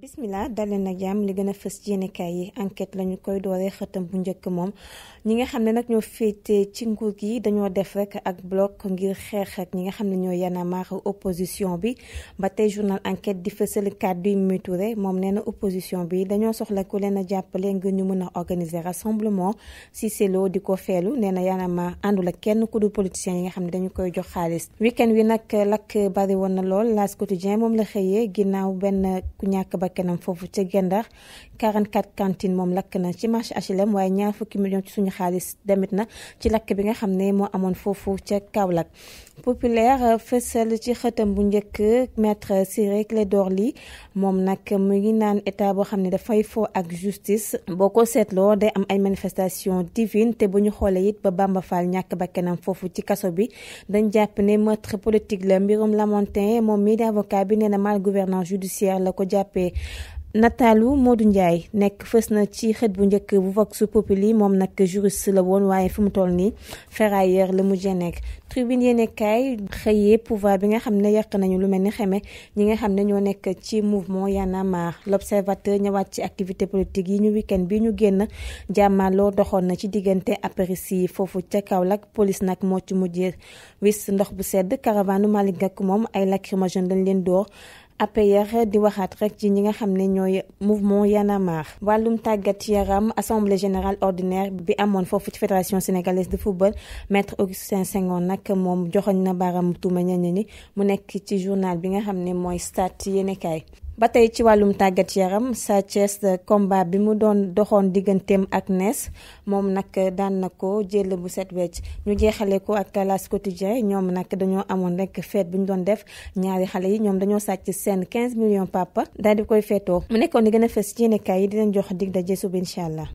bismillah dalee na jàmm li gën a fës yéenekaay yi enquête lañu koy dooree xëtam bu njëkk moom ñi nga xam ne nag ñoo féetee ci nguur gi dañoo def rek ak bloc ngir xeex ak ñi nga xam ne ñoo Y'en a marre opposition bi ba tey journal enquête di fësal kàddu yu Mimi moom nee na opposition bi dañoo soxla ku leen jàppale ngir ñu mën a organiser rassemblement si selo di ko feelu nee na Y'en a àndul ak kenn ku dul politiciens yi nga xam ne dañu koy jox xaalis week-end wi woon na lool L'As Quotidien moom la ku bakkanam foofu ca Gendar 44 cantine moom lakk na ci marché HLM waaye ñaar fukki million ci suñu xaalis demit na ci lakk bi nga xam ne moo amoon foofu ca Kaolack populaire fësal ci xëtam bu njëkk maître Ciré Clédor Ly moom nag mu ngi naan état boo xam ne dafay foo ak justice boo ko seetloo day am ay manifestation divine te bu ñu xoolee it ba Bamba Fall ñàkk bakkanam foofu ci kaso bi dañ jàpp ne meurtre politique la mbirum Lamontin moom mii di avocat bi nee na mal gouvernance judiciaire la ko jàppee nataalu Modou Ndiaye nekk fës na ci xët bu njëkk bu Vox Populi moom nag juriste la woon waaye fi mu toll nii ferrailleur la mujjee nekk tribune yéenekaay xëyee pouvoir bi nga xam ne yàq nañu lu mel ni xeme ñi nga xam ne ñoo nekk ci mouvement Y'en a marre l'observateur ña ci activité politique yi ñu week bi ñu génn jàmmaloo doxoon na ci diggante apéris yi foofu ca kaw Kaolack police nag moo ci mujjee wis ndox bu sedd caravane Malick moom ay lacrymogène lañ leen door APR di waxaat rek ci ñi nga xam ne ñooy mouvement Y en a marre wàllum tàggat yaram assemblée générale ordinaire bi amoon foofu ci fédération sénégalaise de football maître Augustin Senghor nag moom joxoñ na baaraam tuuma ñenn ñi mu nekk ci journal bi nga xam ne mooy stade yéenekaay ba tey ci wàllum tàggat yaram Sa Thiès combat bi mu doon doxoon digganteem ak Nees moom nag daan na ko jël bu set wecc ñu jeexale ko ak Las Quotidien ñoom nag dañoo amoon rek feet bu ñu doon def ñaari xale yi ñoom dañoo sàcc seen 15 millions papa daal di koy feetoo mu nekkoon di gën a fës ci yéenekaay yi dinañ jox dig daje suba incha allah.